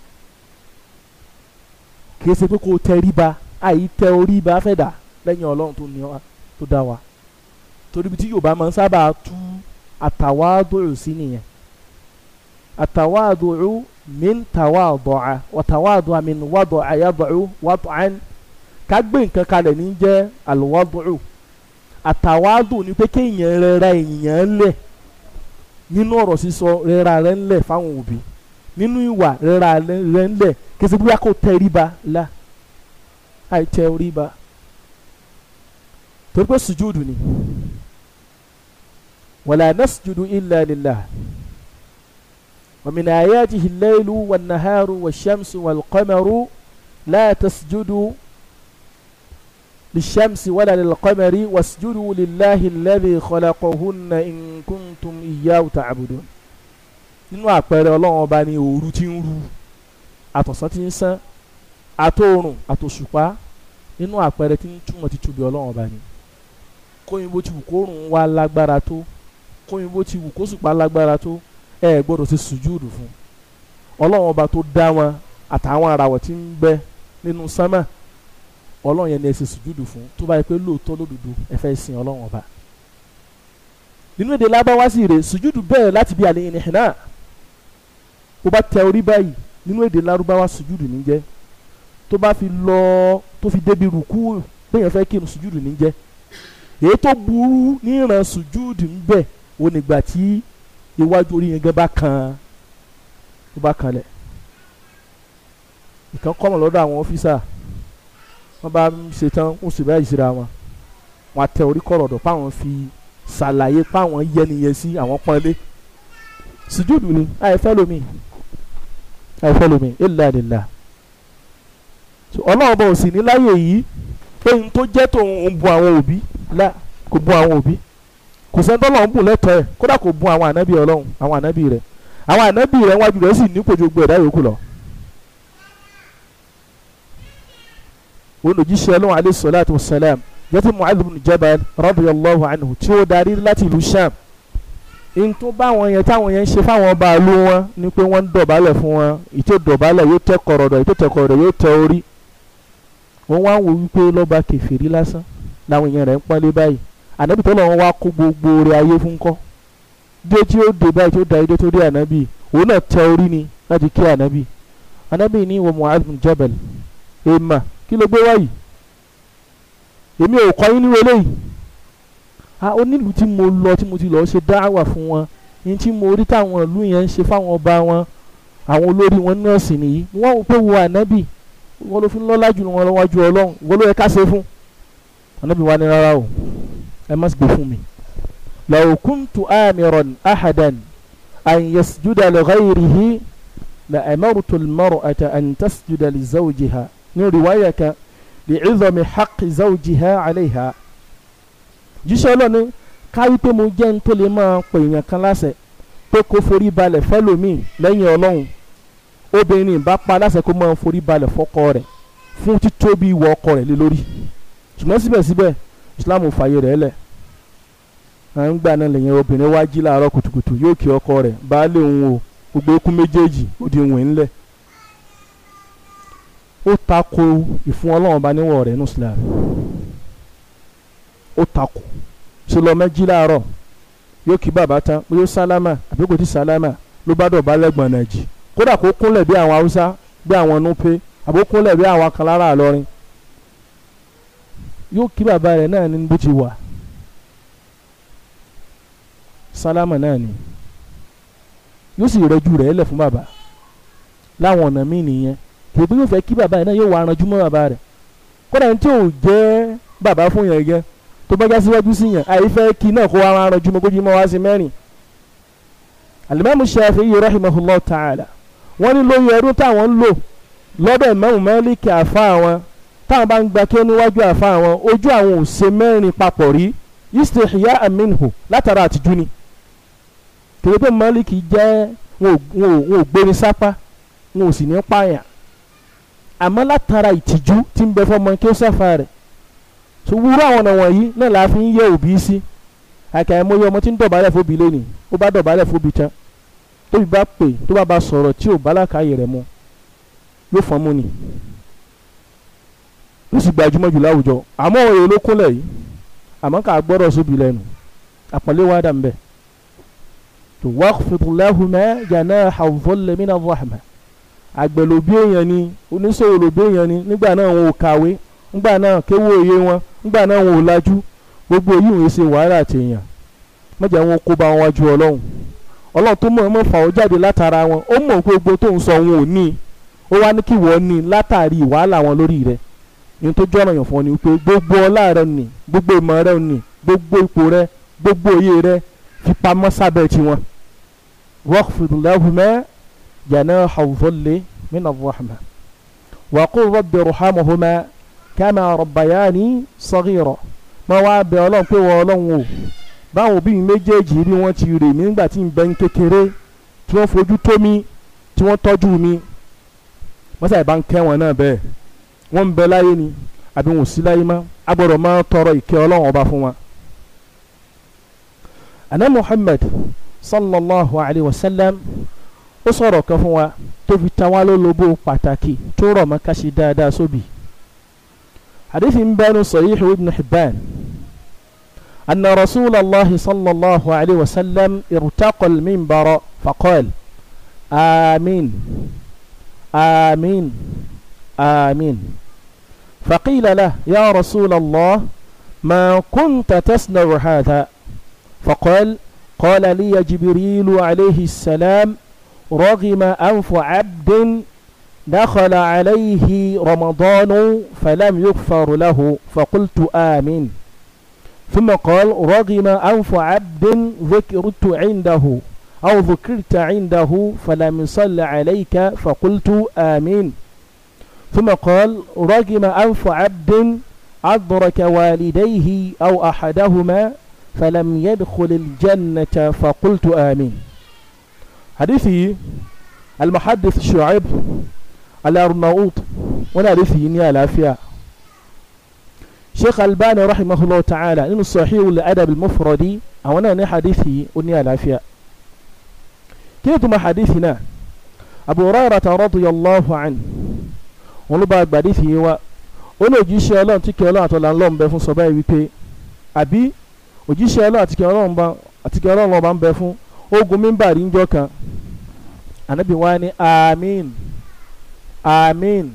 kìí ṣe pé kò tẹríba àyí tẹ orí ba fẹ́ dà lẹ́yìn ọlọ́run tó ní wa tó dá wa torí bí tí yorùbá máa ń sábà tú àtàwádòrò sí nìyẹn àtàwádòrò min tawadu'a wa tawadu'a min wadu'a yadu'u wadu'an ká gbé nǹkan kalẹ̀ ní jẹ́ alwadu'u àtàwádùn ni pé kéèyàn rẹra èèyàn lẹ̀ nínú ọ̀rọ̀ sísọ rẹra rẹ ńlẹ̀ fáwọn òbí nínú ìwà rẹra rẹ ńlẹ̀ kìsì bóyá kò tẹ ríba la àìtẹ ríba torí pé sùjúdù ni wala nasjudu illa lillah. ومن آياته الليل والنهار والشمس والقمر لا تسجدوا للشمس ولا للقمر واسجدوا لله الذي خلقهن إن كنتم إياه تعبدون nínú àpẹẹrẹ ọlọ́run ọba ni òru ti ń ru àtọ̀sán ti ń sán àtòòrùn àtòṣùpá nínú àpẹẹrẹ ti ń túmọ̀ ti tóbi ọlọ́run ọba ni kóyìnbó ti wù kó rùn wá lágbára tó kóyìnbó ti wù kó ṣùpá lágbára tó ẹ gbọ́dọ̀ ṣe sùjúùdù fún ọlọ́run ọba tó dá wọn àtàwọn àràwọ̀ tí ń bẹ nínú sánmà ọlọ́run yẹn ni ẹ ṣe sùjúùdù fún tó bá yẹ pé lóòótọ́ lódodo ẹ fẹ́ sin ọlọ́run ọba nínú èdè lábáwá sì rè sùjúùdù bẹ́ẹ̀ láti bí àlẹ́ ìnìhìn náà bó bá tẹ orí báyìí nínú èdè lárúbáwá sùjúùdù ní jẹ́ tó bá fi lọ tó fi débi rùkú bẹ́ẹ̀ fẹ́ kí n sùjúùdù ní jẹ́ èyí tó burú ní ìran sùjúùdù ń bẹ onígbà tí iwájú orí yẹn gẹ́gẹ́ bá kan tó bá kanlẹ̀ ìkan kọ́mọ̀ lọ́dọ̀ àwọn ọ́fíìsà wọ́n bá ń ṣetán ń sì báyìí síra wọn wọn àtẹ orí kọ̀rọ̀dọ̀ páwọn fi ṣàlàyé páwọn yẹniyẹn sí àwọn pọ́nlé sùjúdù ni àìfẹ́ lomi àìfẹ́ lomi illa lillah ọlọ́run bá ò sì ní láyè yìí pé n tó jẹ́ tòun ń bu àwọn òbí là kò bu àwọn òbí kò sẹ́ni tó lọ́n bùn lẹ́tọ̀ọ́ ẹ̀ kódà kò bùn àwọn ànábì ọlọ́run àwọn ànábì rẹ̀ àwọn ànábì rẹ̀ wájú rẹ̀ sì nípò ju gbogbo ẹ̀dá yòókù lọ. olùjíṣẹ́ ọlọ́run alayhi salatu wassalam jẹ́tí Mu'adh ibn Jabal radiyallahu anhu tí ó darí láti ìlú Sham in tó bá wọn yẹn táwọn yẹn ń ṣe fáwọn ọba ìlú wọn ni pé wọ́n ń dọ̀bálẹ̀ fún wọn ìtò dọ̀bálẹ̀ yóò tẹ kọ̀rọ̀dọ̀ ìtò ànábì tọ́lọ̀ wọn wá kó gbogbo oore ayé fún kọ́ dé tí ó dé báyìí tí ó da idé tó dé ànábì òun náà tẹ orí ni láti kí ànábì ànábì ní ìwọ Mu'adh bin Jabal èèmà kí ló gbé wáyìí èmi ò kọ́ yín ní wọlé yìí a onílùú tí mo lọ tí mo ti lọ ṣe dáwà fún wọn ní tí mo rí táwọn ìlú yẹn ń ṣe fáwọn ọba wọn àwọn olórí wọn náà sì nìyí wọn ò pé wo ànábì wọn ló fi ń lọ́lá jù wọn lọ́wọ́ ju ọlọ́run wọn ló yẹ ká ṣe fún ànábì wa ní rárá o ẹ má gbé fún mi. law kuntu amiran ahadan an yasjuda li ghayrihi la amartu al-mar'ata an tasjuda li zawjiha ní riwaya kan li'izami haqqi zawjiha alayha. jíṣẹ́ lọ́ni káyí pé mo jẹ́ ń tó lè máa pèèyàn kan láṣẹ pé kó forí balẹ̀ fẹ́lòmíì lẹ́yìn ọlọ́run obìnrin bá pa láṣẹ kó máa forí balẹ̀ fọ́kọ rẹ̀ fún títóbi ìwọ ọkọ rẹ̀ lé lórí ṣùgbọ́n síbẹ̀síbẹ̀ Islam fààyè rẹ̀ lẹ̀ àǹgbà náà lèyìn obìnrin wá jí láàárọ̀ kùtùkùtù yóò kí ọkọ rẹ̀ baálé òun o gbogbo okùn méjèèjì ó di wìn ńlẹ̀ ó tako ìfún ọlọ́run bá níwọ̀ rẹ̀ nù sílẹ̀ ó tako ṣe lọ mẹ́jì láàárọ̀ yóò kí bàbá tán yóò sálámà àbí kò tí sálámà ló bá dọ̀bá lẹ́gbọ̀n náà jì kódà kó kúnlẹ̀ bí àwọn haúsá bí àwọn núpé àbó kúnlẹ̀ bí àwọn kan àlọ́rin yóò kí bàbá rẹ̀ náà ní ti wà sálámà náà ni yóò sì rẹjú rẹ̀ lẹ̀ fún bàbá láwọn ọ̀nà míì nìyẹn kò bí yóò fẹ́ kí bàbá yẹn náà yóò wá aranjú mọ́ bàbá rẹ̀ kódà ní tí ò jẹ́ bàbá fún yẹn gẹ́ tó bá já síwájú sí yẹn àìfẹ́ kí náà kó wá aranjú mọ́ kójú mọ́ wá sí mẹ́rin alimami Shafi'i rahimahullah ta'ala wọ́n ní lóye ọdún táwọn ń lò lọ́dọ̀ Imam Malik àfa wọn táwọn bá ń gba kí ó níwájú àfa wọn ojú àwọn ò ṣe mẹ́rin papọ̀ rí istihya aminhu kìí pé mọ́líkì jẹ́ wọn ò gbéni sápá wọn ò sì ní pààyàn àmọ́ látara ìtìjú tí ń bẹ fọmọ kí ó sáfà rẹ̀ so wúrú àwọn ọ̀nà wọ̀nyí náà la fi ń yẹ òbí sí àkàìmọye ọmọ tí ń dọ̀bálẹ̀ fóbi lónìí ó bá dọ̀bálẹ̀ fóbi tán tóbi bá pè tó bá ba sọ̀rọ̀ tí ò bá làkàyè rẹ̀ mu yóò fọ́n mú ni ó sì gbajúmọ̀ jù láwùjọ àmọ́ òye ló kúnlẹ̀ yìí àmọ́ ká gbọ́dọ̀ sóbi lẹ́nu àpọ́nlé wàdà ń واخفض لهما جناح الظل من الرحمة àgbẹ̀ ló bí èèyàn ni oníṣòwò ló bí èèyàn ni nígbà náà wọn ò kàwé nígbà náà kéwò òye wọn gbogbo yìí ń ṣe wàhálà tèèyàn mọ̀jà wọn kó ba wọn wájú ọlọ́run ọlọ́run tó mọ̀ ọ́n jáde látara gbogbo tó ń sọ wọn ò ní ó wá ní kí wọ́n ní látàrí wàhálà fún ọ ni pé gbogbo ọlá rẹ ni gbogbo rẹ ni gbogbo ipò rẹ gbogbo واخفض لهما جناح الظل من الرحمة وقل رب ارحمهما كما ربياني صغيرا ما wá bẹ̀ Ọlọ́run pé wọ Ọlọ́run o báwọn òbí mi méjèèjì bí wọ́n ti rè mí nígbà tí n bẹ ń kékeré tí wọ́n fojú tó mi tí wọ́n tọ́jú mi wọ́n sábà bá ń kẹ́ wọn náà bẹ́ẹ̀ wọ́n ń bẹ láyé ni àbí wọn ò sí láyé mọ́ a gbọ́dọ̀ máa tọrọ ìkẹ́ Ọlọ́run ọba fún wa. àná Muhammad صلى الله عليه وسلم أصروا كفوا توفي توالو لبو قاتاكي تورا ما كاشي دادا سوبي حديث بان صحيح ابن حبان أن رسول الله صلى الله عليه وسلم ارتقى المنبر فقال آمين آمين آمين فقيل له يا رسول الله ما كنت تصنع هذا فقال قال لي جبريل عليه السلام رغم أنف عبد دخل عليه رمضان فلم يغفر له فقلت آمين ثم قال رغم أنف عبد ذكرت عنده أو ذكرت عنده فلم يصل عليك فقلت آمين ثم قال رغم أنف عبد أدرك والديه أو أحدهما falam yadkhulil jannata faqultu amin hadith yìí almuhadith shu'aib al-arnaut wọn hadith yìí ní àlàáfíà sheikh albani rahimahullah ta'ala nínú sahihu al-adab al-mufradi àwọn náà ní hadith yìí ó ní àlàáfíà kí ni tuma hadith náà abu hurairata radiyallahu anhu wọn ló bá gbàdí fi yín wá ó lè jí iṣẹ́ ọlọ́run tí kí ọlọ́run àtọ́lá ń lọ́nbẹ fún sọ báyìí wípé àbí òjíṣẹ́ ọlọ́ àti kí ọlọ́run bá àti kí ọlọ́run ọba ń bẹ fún ogun mímbàrí ń jọ kan ànábì wa ni amiin amiin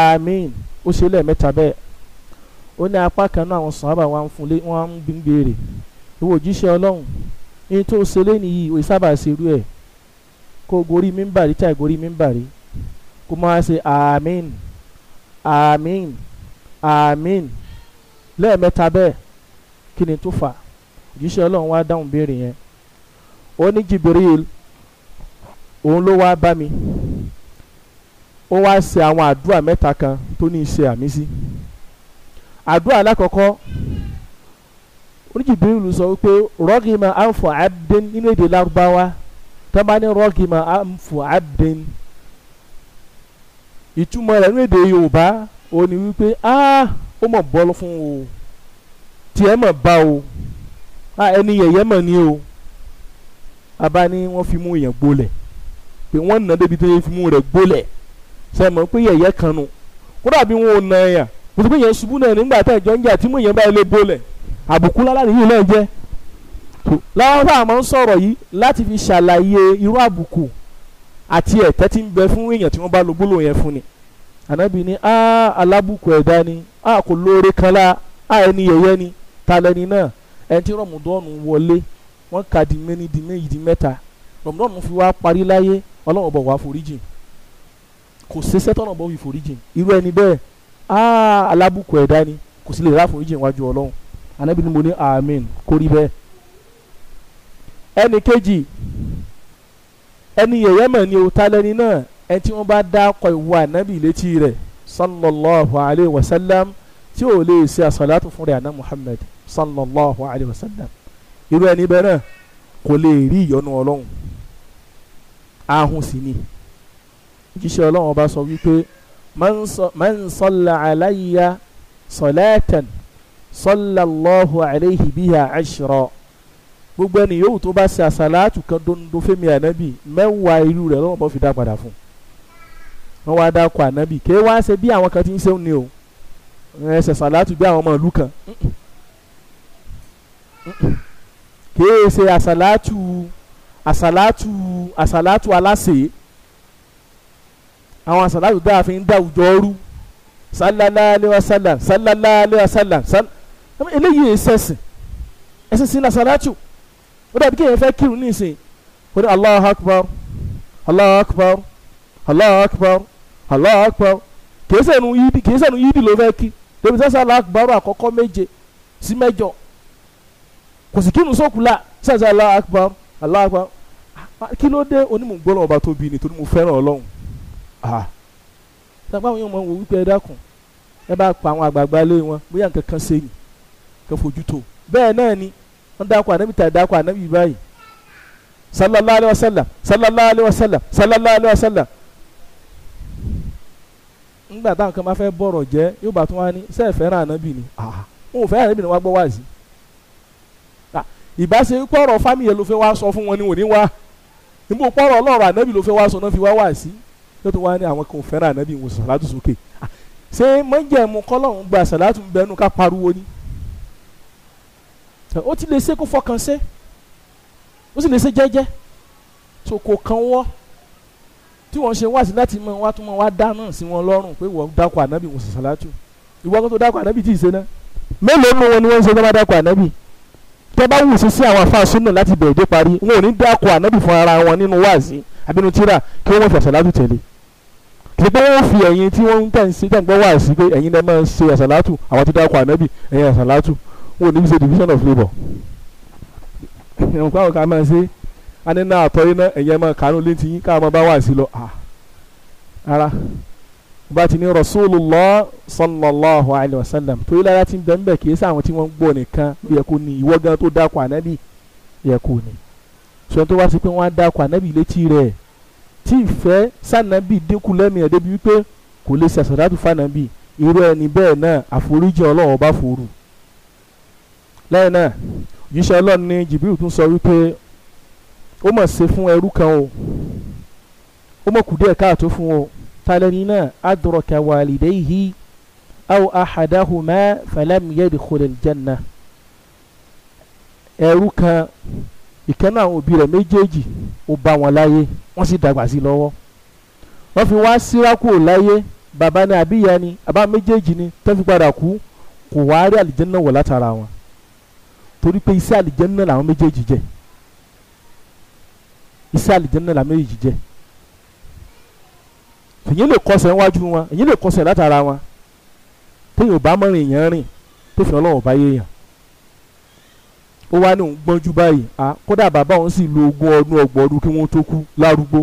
amiin ó ṣe lẹ́ẹ̀mẹ́ta bẹ́ẹ̀ ó ní apá kan náà àwọn sàhábà wa ń fún lé wọn ń bí ń béèrè ìwọ òjíṣẹ́ ọlọ́run ní tó ṣe lẹ́nu yìí òye sábà ṣe irú ẹ̀ kó gorí mímbàrí tí àìgorí mímbàrí kó máa ṣe amiin amiin amiin lẹ́ẹ̀mẹ́ta bẹ́ẹ̀ kí ni tó fà òjíṣẹ́ ọlọ́run wá dáhùn béèrè yẹn ó ní Jibril òun ló wá bá mi ó wá ṣe àwọn àdúrà mẹ́ta kan tó ní í ṣe àmì sí àdúrà alákọ̀ọ́kọ́ oníjìbìrìlù sọ wípé rọ́gìmọ̀ àǹfọ̀ abdin nínú èdè lárúbáwá tó bá ní rọ́gìmọ̀ àǹfọ̀ abdin ìtumọ̀ rẹ̀ nínú èdè yorùbá ó wípé ah ó mọ̀ bọ́ fún o tiẹ̀ mọ̀ bá o ah, ẹni yẹ̀yẹ́ mọ̀ ni o bàbá ni wọ́n fi mú yẹn gbólẹ̀ pé wọ́n nà débi tó yẹ fi mú rẹ̀ gbólẹ̀ ṣe mọ̀ pé yẹ̀yẹ́ kan nu kódà bí wọn ò nà yàn kò sí pé yẹn ṣubú náà nígbà tá ìjọ ń jà tí mú yẹn báyìí lé gbólẹ̀ àbùkù lálàrí yìí náà jẹ́ láwọn fáwọn máa sọ̀rọ̀ yìí láti fi ṣàlàyé irú àbùkù àti ẹ̀tẹ́ tí ń bẹ fún èèyàn tí wọ́n bá lo gbólóhùn yẹn fún ni ànábì ni ah alábùkù ẹ̀dá ni ah kò lóore kan lá ah ẹni yẹ̀yẹ́ ni talẹ́ni náà ẹni tí rọ̀mùdọ́ọ̀nù wọlé wọ́n ka di méní di méjì di mẹ́ta rọ̀mùdọ́ọ̀nù fi wá parí láyé ọlọ́run ọ̀bọ̀ wá foríjìn kò sẹ́sẹ́ tọ́nà bọ́ fi foríjìn irú ẹni bẹ́ẹ̀ aa alábùkù ẹ̀dá ni kò sì lè rà foríjìn wájú ọlọ́run anábì ni mo ní amen kó rí bẹ́ẹ̀ ẹni kejì ẹni yẹ̀yẹ́ mọ̀ ni o talẹ́ni náà ẹni tí wọ́n bá dá ọkọ̀ ìwà anábì létí rẹ̀ sallallahu alayhi wa sallam tí ò lè ṣe àsàlátù fún rẹ̀ àná muhammad sallallahu alayhi wa sallam irú ẹni bẹ́ẹ̀ náà kò lè rí ìyọ́nú ọlọ́run ahun sì ni jíṣẹ́ ọlọ́run ọba sọ wípé man salla alayya salatan sallallahu alayhi biha ashra gbogbo ẹni yòówù tó bá ṣe àṣàlátù kan dondo fẹ́mi ànábì mẹ́wàá irú rẹ̀ lọ́wọ́ bọ́ fi dá padà fún wọn wá dákọ̀ ànábì kéwàá ṣe bí àwọn kan ti ń ṣe ń ní o ẹ ṣe àṣàlátù bí àwọn ọmọ ìlú kan. Mm -mm kìí ṣe àsàlátù àsàlátù àsàlátù aláṣẹ àwọn àsàlátù dáa fi ń dá àwùjọ rú sallallahu alayhi wa sallam sallallahu alayhi wa sallam eléyìí ẹsẹ̀sìn ẹsẹ̀ sí ní àsàlátù ó dàbí kéèyàn fẹ́ kírun ní ìsìn ó ní Allah akbar Allah akbar Allah akbar Allah akbar kìí sẹ́nu yídì kìí sẹ́nu yídì ló fẹ́ kí lóbi sẹ́sẹ́ Allahu akbar àkọ́kọ́ méje sí mẹ́jọ kò sì kírun sókù la ṣáàṣà Allahu Akbar Allahu Akbar ah, kí ló dé onímọ̀ gbọ́dọ̀ ọba tó bí ni torí mo fẹ́ràn ọlọ́run tàbí ah. àwọn yóò mọ wò wípé ẹ dákun ẹ bá pa àwọn àgbààgbà lé wọn bóyá nǹkan kan ṣe yìí kan fojú tó bẹ́ẹ̀ náà ni wọ́n dákun ànábì tàbí dákun ànábì báyìí sallallahu alayhi wa sallam sallallahu alayhi wa sallam sallallahu alayhi wa sallam ńgbà táwọn kan máa fẹ́ bọ̀rọ̀ jẹ́ yóò bá tún wá ní sẹ́ẹ̀ fẹ́ràn ànábì ni òun ah, fẹ́ràn ànábì ni wọ́n á gbọ́ wáàzì ìbáṣe wípé ọ̀rọ̀ fámìlì yẹn ló fẹ́ wá sọ fún wọn ni wọ́n ní wá níbo pọ̀rọ̀ ọlọ́rọ̀ ànábì ló fẹ́ wá sọ náà fi wá wá sí yóò tó wá ní àwọn kan ò fẹ́ràn ànábì ìwòsàn sàlátù sókè ṣé mọ́jẹ̀mú kọ́lọ́hún gba sàlátù ń bẹnu ká pariwo ni ó ti lè ṣe kó fọkàn ṣe ó sì lè ṣe jẹ́jẹ́ tó kò kan wọ́ tí wọ́n ṣe wá sí láti mọ wá tún mọ wá dáná sí wọn lọ́rùn pé wọ́n dákọ̀ ànábì ìwòsàn sàlátù ìwọ́n tó dákọ̀ ànábì tí ì ṣe náà mélòó nu wọn ni wọ́n ń ṣe tó bá dákọ̀ tẹ́ bá wù sí sí àwọn àfáà súnà láti bẹ̀rẹ̀ dé parí wọn ò ní ànábì fún ara wọn nínú wáàzí abínú tíra kí wọ́n fi àsàlátù tẹ̀lé kì í pé wọ́n fi ẹ̀yin tí o ń tẹ̀ ń sí tẹ̀ ń gbọ́ wáàzí pé ẹ̀yin náà máa ń ṣe àsàlátù àwọn tó ànábì division of labour. àwọn kan máa ṣe bá ti ní rasulullah sallallahu alayhi wa sallam torí lára ti ń bẹ nbẹ kì í sáwọn tí wọ́n ń gbọ́ nìkan yẹ kó ní ìwọ gan tó dákun ànábì yẹ kó ní sọ tó wá sí pé wọ́n á dákun ànábì létí rẹ̀ tí ìfẹ́ sànàbì dínkù lẹ́mìí ẹ̀ débi wípé kò lè ṣàṣàdátù fànàbì irú ẹni bẹ́ẹ̀ náà àforíjì ọlọ́wọ́ bá forù. lẹ́yìn náà jíṣẹ́ ọlọ́run ní Jibril tún sọ wípé ó mọ̀ ṣe fún ẹrú kan o ó mọ̀ kù díẹ̀ káàtó fún o. tàlẹ́ni náà adraka walidayhi aw ahadahuma falam yadkhul aljanna ẹrú kan ìkànnì àwọn òbí rẹ̀ méjèèjì ó bá wọn láyé wọ́n sì dàgbà sí lọ́wọ́ wọ́n fi wá síráàkù láyé bàbá ni àbíyá ni àbá méjèèjì ni tó fi padà kú kò wá rí àlìjẹ́nà wọ̀ látara wọn torí pé iṣẹ́ àlìjẹ́nà làwọn méjèèjì jẹ́ iṣẹ́ àlìjẹ́nà làwọn méjèèjì jẹ́ èyí lè kọsẹ̀ níwájú wọn èyí lè kọsẹ̀ látara wọn téèyàn bá mọ̀rìn èèyàn rìn tó fi ọlọ́run bá yéèyàn ó wá ní òun gbọ́njú báyìí à kódà bàbá òun sì lo ogún ọdún ọgbọ̀n ọdún kí wọ́n tó kú lárúgbó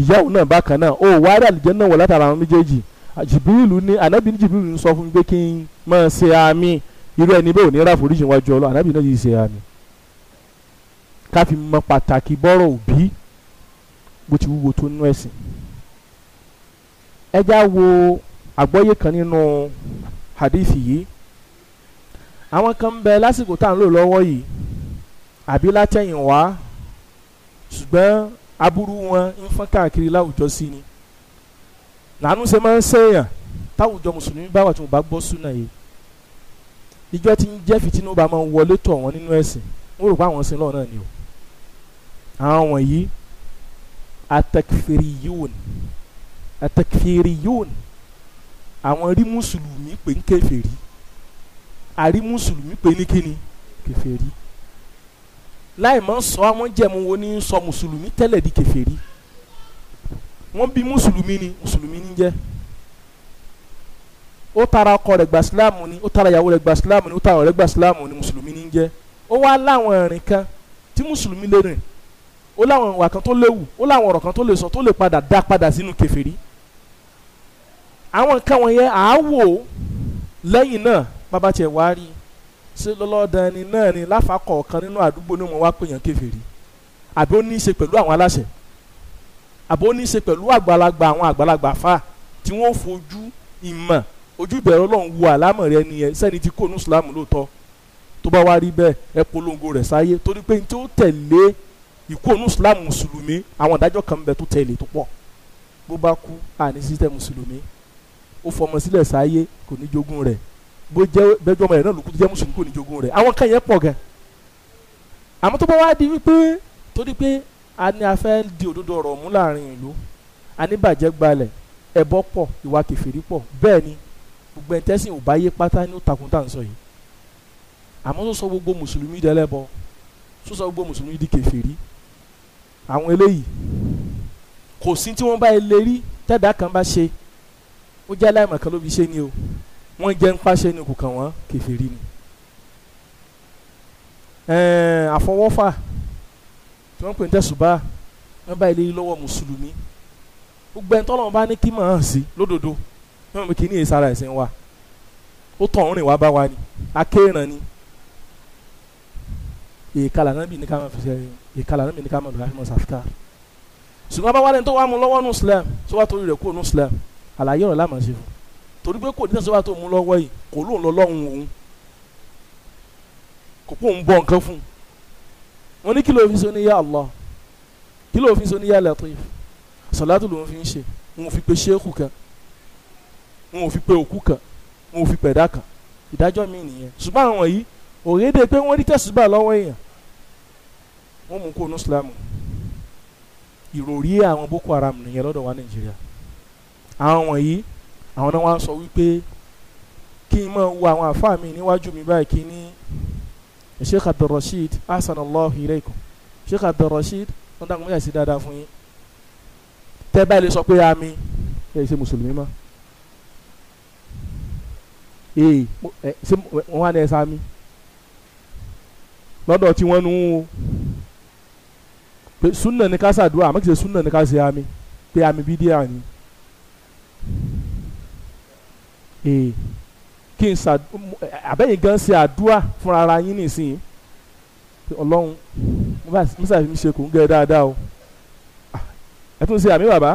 ìyá òun náà bákan náà ó wá rí àlùjẹ́ náà wọ̀ látara àwọn méjèèjì jìbìrìlù ní ànábì ní jìbìrìlù ń sọ fún mi pé kí n máa ṣe àmì irú ẹni bẹ́ẹ̀ ò ní rà foríjì wájú ọlọ́ ànábì náà yìí ṣe àmì ká fi mọ pàtàkì bọ́rọ̀ òbí bó ti wúwo tó nú ẹ̀sìn ẹ já wo àgbọ́yé kan nínú hadith yìí àwọn kan ń bẹ lásìkò tá à ń lò lọ́wọ́ yìí àbí látẹ̀yìn wá ṣùgbọ́n aburú wọn ń fọ́n káàkiri láwùjọ sí ni làánú ṣe máa ń ṣèyàn táwùjọ mùsùlùmí bá wà tí wọn bá gbọ́ súnà yìí ìjọ tí ń jẹ́ fìtínú bá máa ń wọlé tọ̀ wọ́n nínú ẹ̀sìn wọ́n rò pé àwọn sin lọ́ọ̀ náà ni o àwọn wọ̀nyí atẹ́kfẹ́rì yíwò ni àtẹkẹfẹrìyún àwọn rí mùsùlùmí pé ń kèfèrí àrí mùsùlùmí pé ní kíni kèfèrí láì mọ̀ sọ àwọn jẹ̀mú wo ní sọ mùsùlùmí tẹ́lẹ̀ di kèfèrí wọ́n bí mùsùlùmí ni mùsùlùmí ni jẹ́ ó tara ọkọ rẹ̀ gba sílámù ni ó tara ìyàwó rẹ̀ gba sílámù ni ó tara ọ̀rẹ́ gba sílámù ni mùsùlùmí ni jẹ́ ó wá láwọn ìrìn kan tí mùsùlùmí lè rìn ó láwọn ìwà kan tó léwu ó láwọn ọ̀rọ̀ kan tó lè sọ tó lè padà dá padà sínú kèfèrí àwọn nǹkan wọ̀nyẹn à á wò lẹ́yìn náà bàbá tiẹ̀ wá rí ṣé lọ́lọ́dàn ni náà ni láfàkọ̀ọ̀kan nínú àdúgbò ni wọ́n wá pè yàn kèfèrí àbí ó ní í ṣe pẹ̀lú àwọn aláṣẹ àbí ó ní í ṣe pẹ̀lú àgbàlagbà àwọn àgbàlagbà fà tí wọ́n fojú ìmọ̀ ojú ìbẹ̀rẹ̀ ọlọ́run wo àlámọ̀ rẹ nìyẹn sẹ́ni tí kò ní ìsìlámù lóòótọ́ tó bá wá rí bẹ́ẹ̀ ẹ polongo rẹ̀ sáyé torí pé tí ó tẹ̀lé ìkóònù ìsìlámù mùsùlùmí àwọn ìdájọ́ kan bẹ tó tẹ̀lé tó pọ̀ bó bá kú àní sísítẹ́ mùsùlùmí ó fọmọ sílẹ̀ sáyé kò ní jogún rẹ̀ bó jẹ́ bẹ́jọ́ ọmọ rẹ̀ náà ló kú tó jẹ́ mùsùlùmí kò ní jogún rẹ̀ àwọn kan yẹn pọ̀ gan àmọ́ tó bá wá di wípé torí pé a ní a fẹ́ di òdodo ọ̀rọ̀ mú láàrin ìlú a ní bàjẹ́ gbalẹ̀ ẹbọ pọ̀ ìwà kẹfìrí pọ̀ bẹ́ẹ̀ ni gbogbo ẹ̀ńtẹ́sìn ò bá yé pátá ní òtàkùn tá à ń sọ yìí àmọ́ tó sọ gbogbo mùsùlùmí dẹlẹ́bọ tó sọ gbogbo mùsùlùmí di kẹfìrí àwọn eléyìí kò sí tí wọ́n bá lè rí tẹ́dá kan bá ṣe ó jẹ́ láìmọ̀ kan ló fi ṣe ni o wọ́n jẹ́ ń pàṣẹ ni kò kàn wọ́n kèfèrí ni. àfọwọ́fà tí wọ́n pè ń tẹ̀sùbá wọ́n bá ilé lọ́wọ́ mùsùlùmí gbogbo ẹni tọ́lọ́mọba ní kí màá sí lódodo wọ́n mú kí ní ìsara ẹ̀sìn wa ó tọ̀ ọ́n rìn wá bá wa ni akéèràn ni èkálà náà bí ní ká máa fi ṣe èkálà náà bí ní ká máa lọ́ọ́ àfihàn sàfikà ṣùgbọ́n bá wà lẹ́ni tó wà mú lọ́wọ́ nù Islam tó wà torí rẹ̀ kúrò nù Islam àlàyé ọ̀rọ̀ láàmú sí fún torí pé kò ní tẹ̀síwájú tó mú lọ́wọ́ yìí kò lóun lọ lọ́hùn òun kò pọ̀ ń bọ̀ nǹkan fún un wọ́n ní kí ló fi so ní yá Allah kí ló fi so ní yá Latif sọ̀látù ló ń fi ń ṣe wọn ò fi pe ṣéèkù kan wọn ò fi pe òkú kan wọn ò fi pẹ̀dá kan ìdájọ́ mi nìyẹn ṣùgbọ́n àwọn yìí òrèdè pé wọ́n ní tẹ̀síbà lọ́wọ́ èèyàn wọ́n mú kó onú Islam ìròrí àwọn Boko Haram nìyẹn lọ́dọ̀ wa Nàìjíríà àwọn wọ̀nyí àwọn náà wá sọ wípé kí n máa wo àwọn àfáà mi níwájú mi báyìí kí ní sheikh abdulrasheed hasanallahu ilaykum sheikh abdulrasheed wọn dàgbọ́n yà sí dáadáa fún yín tẹ́ báyìí lè sọ pé àmì ẹ̀ ṣe mùsùlùmí mọ́ ee ṣe wọn wà ní ẹ̀ sáà mi lọ́dọ̀ tí wọ́n nu o sunna ni ká ṣàdúrà àmọ́ kì ṣe sunna ni ká ṣe àmì pé àmì bídíà ni. ee eh, kí n sa àbẹ́yìn gan ṣe àdúrà fúnra ara yín nìsín ọlọ́run musa mi ṣe kò ń gẹ dáadáa o ah, ẹ tún ṣe àmì bàbá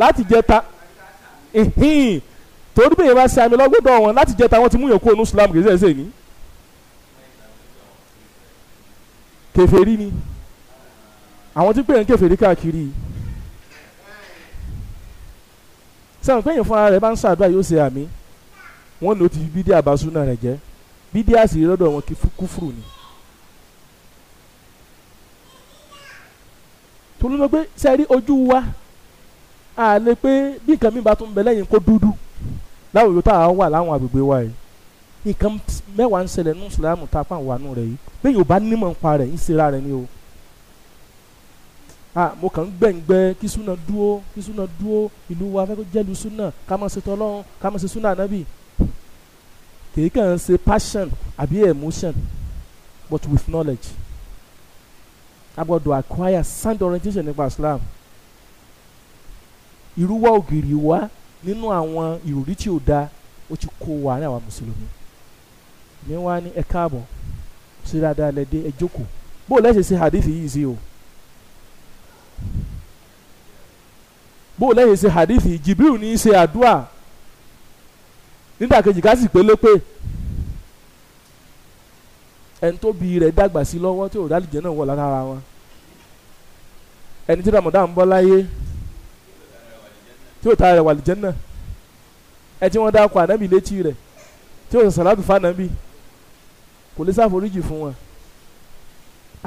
láti jẹta torí bẹ́ẹ̀ bá ṣe àmì lọ́gbọ́dọ̀ wọn láti jẹta wọn ti mú yẹn kó onú Islam kì í ṣe ní kèfèrí ni àwọn tí pè ń kèfèrí káàkiri yìí. sáwọn pẹ́yìn fúnra rẹ̀ bá ń ṣàdúrà yóò ṣe àmì wọn ló ti fi bídíà bá súnà rẹ̀ jẹ́ bídíà sì lọ́dọ̀ wọn kúfùrù ni. tolúmọ pé sẹ́rí ojú wa a lè pé bí nǹkan mi bá tún bẹ lẹ́yìn kó dúdú láwùjọ tá a wà láwọn agbègbè wa yìí nǹkan mẹ́wàá ń ṣẹlẹ̀ ní ìsìlámù tá a pàwọn wà nù rẹ̀ yìí bẹ́ẹ̀ yóò bá nímọ̀ ń pa rẹ̀ ń ṣera rẹ̀ ni o ah mo kàn ń gbẹ̀ngbẹ́ kí súnà dúó kí súnà dúó ìlú wa fẹ́ kó jẹ́lu súnà ká máa ṣe tọ́lọ́run ká máa ṣe súnà ànábì kìí kàn ń ṣe passion àbí emotion but with knowledge a gbọ́dọ̀ acquire sound orientation nípa Islam ìrúwọ́ ògiri wa nínú àwọn ìròrí tí ò da ó ti kó wa ní àwa mùsùlùmí mi wá ní ẹ káàbọ̀ sí dáadáa lẹ́dẹ́ ẹ jókòó bó o lẹ́sẹ̀ ṣe hadith yìí sí o. bó o lẹ́yìn ṣe hadithi jibril ní í ṣe àdúrà nídàkejì ká sì pé lépè ẹni tó bí rẹ̀ dàgbà sí lọ́wọ́ tí òòrùn àlìjẹ́ náà wọ̀ lára wọn ẹni tí ramadan ń bọ́ láyé tí ó ta rẹ̀ wà lìjẹ́ náà ẹ tí wọ́n dákọ̀ ànábì létí rẹ̀ tí ó sàlátù fànábì kò lè ṣàforíjì fún wọn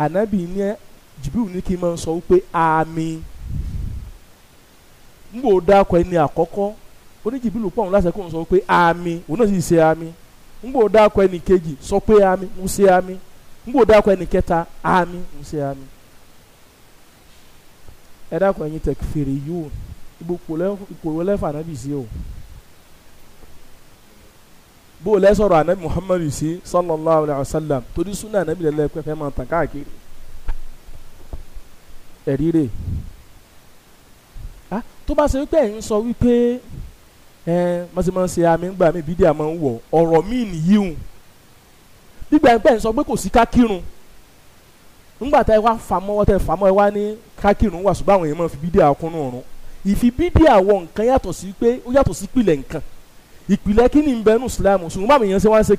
ànábì ní jibril ní kí n máa sọ wípé àmín n kò dákọ ẹni àkọ́kọ́ oníjìbìlù pọ̀ òun lásìkò sọ pé àmì òun náà sì ṣe àmì n kò dákọ ẹni kejì sọ pé àmì ń ṣe àmì n kò dákọ ẹni kẹta àmì ń ṣe àmì. ẹ dákọ ẹyin tẹ fèrè yìí o ibo ìpòrò lẹ́fà ànábì sí o bó o lẹ́ sọ̀rọ̀ ànábì muhammadu sí sallallahu alayhi wa sallam torí sunna ànábì lẹ́lẹ́pẹ́ fẹ́ máa tàn káàkiri ẹ̀rí rèé tó bá ṣe wípé ẹ̀yin sọ wípé ẹ mọ̀símọ̀sí àmì ń gbà mí bídí àmọ́ ń wọ̀ ọ̀rọ̀ míì nìyí hùn gbígbà yín pé sọ pé kò sí ká ńgbà tá ẹ wá fàmọ́wọ́ tẹ fàmọ́ ẹ wá ní ká wà ṣùgbọ́n àwọn èèyàn máa fi bídí àkúnnú ọ̀run ìfi bídí àwọ̀ nǹkan yàtọ̀ sí pé ó yàtọ̀ sí ìpìlẹ̀ nǹkan ìpìlẹ̀ kí ni ń nù Islam ṣùgbọ́n báwọn èèyàn ṣe wá ń ṣe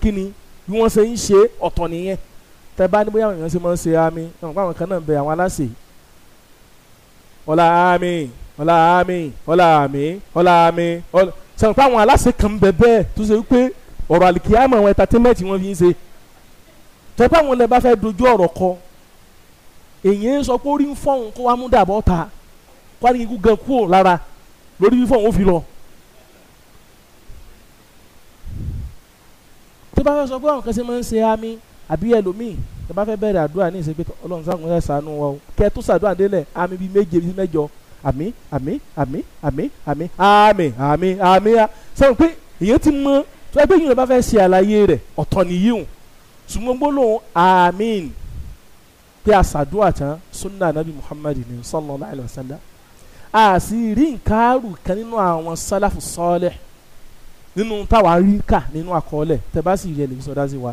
kí ọlá àmín ọlá àmín ọlá àmín sọ̀rọ̀ pé àwọn aláṣẹ kan bẹ̀ bẹ́ẹ̀ tó ṣe wípé ọ̀rọ̀ àlìkíyàmọ̀ àwọn entertainment wọn fi ń ṣe tọ́ pé àwọn ilẹ̀ bá fẹ́ dojú ọ̀rọ̀ kọ èyí ń sọ pé orí ń fọ́hùn kó wá mú dàbọ̀ ta kó wá ní ikú gan kúrò lára lórí fífọ́hùn ó fi lọ. tó bá fẹ́ sọ pé àwọn kan ṣe máa ń ṣe àmì àbí ẹlòmíì tó bá fẹ́ bẹ̀rẹ̀ àdúrà ní ìsèpẹ́tọ̀ ọlọ́run sáà kún ẹ̀ sànú wa o kẹ́ẹ̀ tó sàdúrà délẹ̀ àmì bíi méje bíi mẹ́jọ àmín àmín àmín àmín àmín àmín àmín àmín à sẹ́wọ̀n pé èyàn ti mọ tó ẹgbẹ́ yìí ló bá fẹ́ ṣe àlàyé rẹ̀ ọ̀tọ̀ nìyíhùn ṣùgbọ́n gbólóhùn àmín pé àṣàdúrà tán sunna anabi muhammad ni sallallahu alayhi wa sallam a sì rí nkaaru kan nínú àwọn sálàfù sọ́ọ̀lẹ̀ nínú táwa rí kà nínú àkọọ́lẹ̀ tẹ́ bá sì yẹ lè sọ́dá sí wa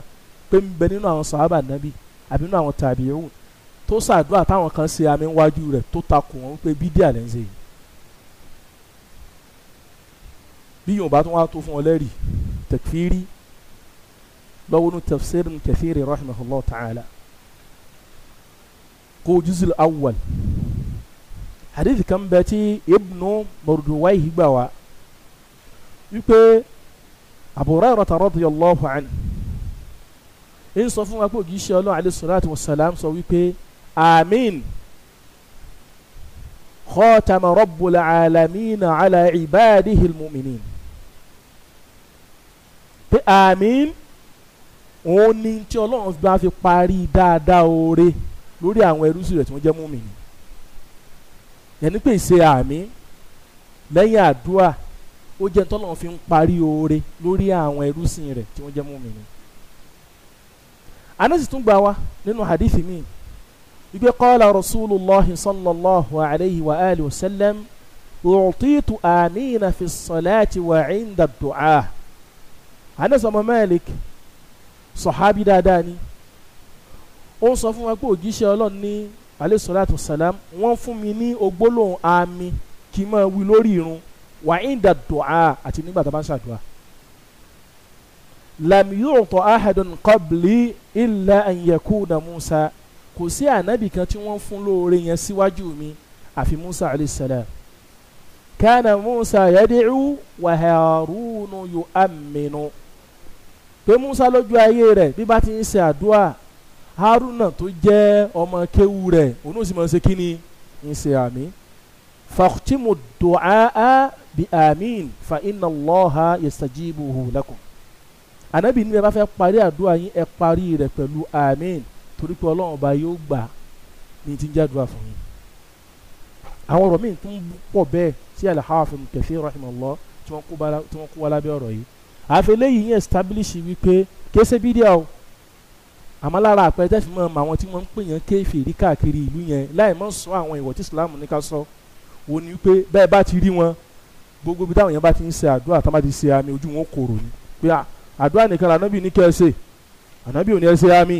pé ń bẹ nínú àwọn sàhábà nàbì àbí nínú àwọn tàbíùn tó ṣàdúrà táwọn kan ṣe àmì wájú rẹ̀ tó takò wọ́n pé bídíà lẹ́ ń ṣe yìí bí yorùbá tó wá tó fún ọ lẹ́rìí tẹ̀kfírí lọ́wọ́ nu tafsir nu kathiri rahimahullah ta'ala kó juzul awwal hadith kan bẹ tí ibnu murduwaihi gbà wá wípé Abu Hurayrata radiyallahu anhu ń sọ fún wa pé òjíṣẹ́ ọlọ́run alayhi salatu wa salam sọ wípé. So آمين خاتم رب العالمين على عباده المؤمنين pé àmín òun ni tí ọlọ́run bá fi parí dáadáa oore lórí àwọn ẹrúsì rẹ̀ tí wọ́n jẹ́ múmìnì yẹn ní pé ìṣe àmín lẹ́yìn àdúrà ó jẹ́ tọ́lọ́run fi ń parí oore lórí àwọn ẹrúsì rẹ̀ tí wọ́n jẹ́ múmìnì anásì tún gbà wá nínú hadithi míì wípé qala rasulullahi sallallahu alayhi wa alihi wa sallam u'titu àníyàn fi salati wa 'inda du'a Anas ọmọ Malik sọ̀hábí dáadáa ni ó ń sọ fún wa pé òjíṣẹ́ ọlọ́run ní alayhi salatu salam wọ́n fún mi ní ogbólóhùn àmì kì í máa wí lórí irun wa 'inda du'a àti nígbà tá a bá ń ṣàdùà lam yu'ta ahadun qabli illa an yakuna Musa kò sí ànábì kan tí wọ́n fún lóore yẹn síwájú mi àfi musa alayhisalaam kana musa yadi'u wa harunu yu'amminu pé musa lójú ayé rẹ̀ bí bá ti ń ṣe àdúrà haruna tó jẹ́ ọmọ kéwu rẹ̀ òun ó sì máa ṣe kíni ń ṣe àmì fàkùtìmù du'a bi amin fa inna allaha yastajibuhu lakum ànábì ní ẹ bá fẹ́ parí àdúrà yín ẹ parí rẹ̀ pẹ̀lú amin torí pé ọlọ́run ọba yóò gbà ní ti ń jádùá fún yín àwọn ọ̀rọ̀ míì tún pọ̀ bẹ́ẹ̀ sí al-Hafiz Kathir rahimahullah tí wọ́n kó wá lábẹ́ ọ̀rọ̀ yìí àfẹlẹ́yìn yẹn establish wípé kése bídíà o àmọ́ lára àpẹẹrẹ tẹ́sí mọ́ àwọn tí wọ́n ń pè yàn kéfèrí káàkiri ìlú yẹn láì mọ́ sọ àwọn ìwọ̀ tí Islam ní ká sọ òun ni pé bẹ́ẹ̀ bá ti rí wọn gbogbo ibi táwọn yẹn bá ti ń ṣe àdúrà tá bá ti ṣe àmì ojú wọn kòrò ni pé àdúrà nìkan lànà ní kẹ́ ẹ ṣe ànà ò ní ẹ ṣe àmì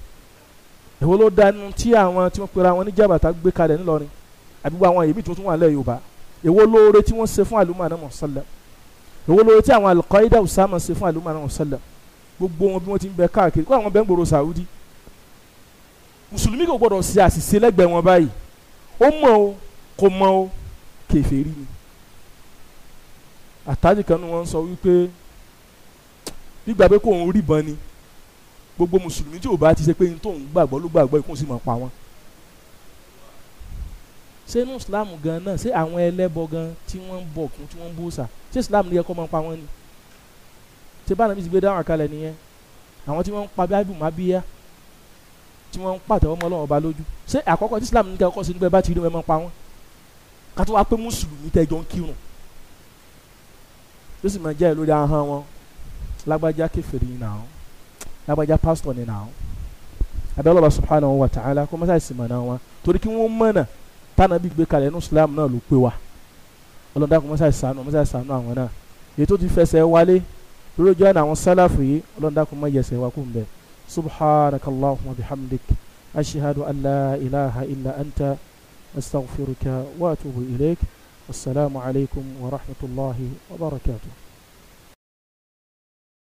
èwo ló dánú tí àwọn tí wọ́n pera wọn ní jàbàtà gbé kalẹ̀ ńlọrin àbí wọ́n àwọn èmi tuntun wà lẹ́ yorùbá èwo lóore tí wọ́n ṣe fún àlùmọ́ọ́nà mọ̀sálẹ̀ èwo lóore tí àwọn alqaida usama ṣe fún àlùmọ́ọ́nà mọ̀sálẹ̀ gbogbo wọn bí wọ́n ti ń bẹ káàkiri kó àwọn bẹ́ẹ̀ ń gbòòrò saudi mùsùlùmí kò gbọdọ̀ ṣe àṣìṣe lẹ́gbẹ̀ẹ́ wọn báyìí ó mọ̀ o kò mọ̀ o kèfèrí ni àtàjì kan ni wọ́n sọ wípé gbígbà pé kò ń rí ìbọn ni gbogbo mùsùlùmí tí ò bá ti ṣe pé tó ń gbàgbọ́ ló gbàgbọ́ ikú sì máa pa wọ́n. ṣé inú islam gan náà ṣé àwọn ẹlẹ́bọ gan tí wọ́n ń bọ̀ kún tí wọ́n ń bòòṣà ṣé islam ló yẹ kó pa wọ́n ni. ṣé báyìí nàbí ti gbé dáhùn àkàlẹ̀ nìyẹn àwọn tí wọ́n ń pa bíábù má bíyá tí wọ́n ń pàtẹ́wọ́ mọ́ Ọlọ́run ọba lójú ṣé àkọ́kọ́ tí islam ní kẹ́kọ́ sí nígbà bá ti lágbájá pásítọ̀ nínú àwọn abẹ́lẹ́ ọba subhanahu wa ta'ala kó mọ́tà ìsìn mọ̀nà wọn torí kí wọ́n mọ̀nà tánà bí gbé kalẹ̀ ní islam náà ló pé wa ọlọ́dà kó mọ́tà ìsànú mọ́tà ìsànú àwọn náà èyí tó ti fẹsẹ̀ wálé lórí ojú àná àwọn sálàfù yìí ọlọ́dà kó mọ́ yẹsẹ̀ wa kó ń bẹ̀ subhanakallahumma bihamdik ashihadu an illa anta astaghfiruka wa atubu ilayk wasalaamu alaykum wa rahmatulahi wa barakatuh.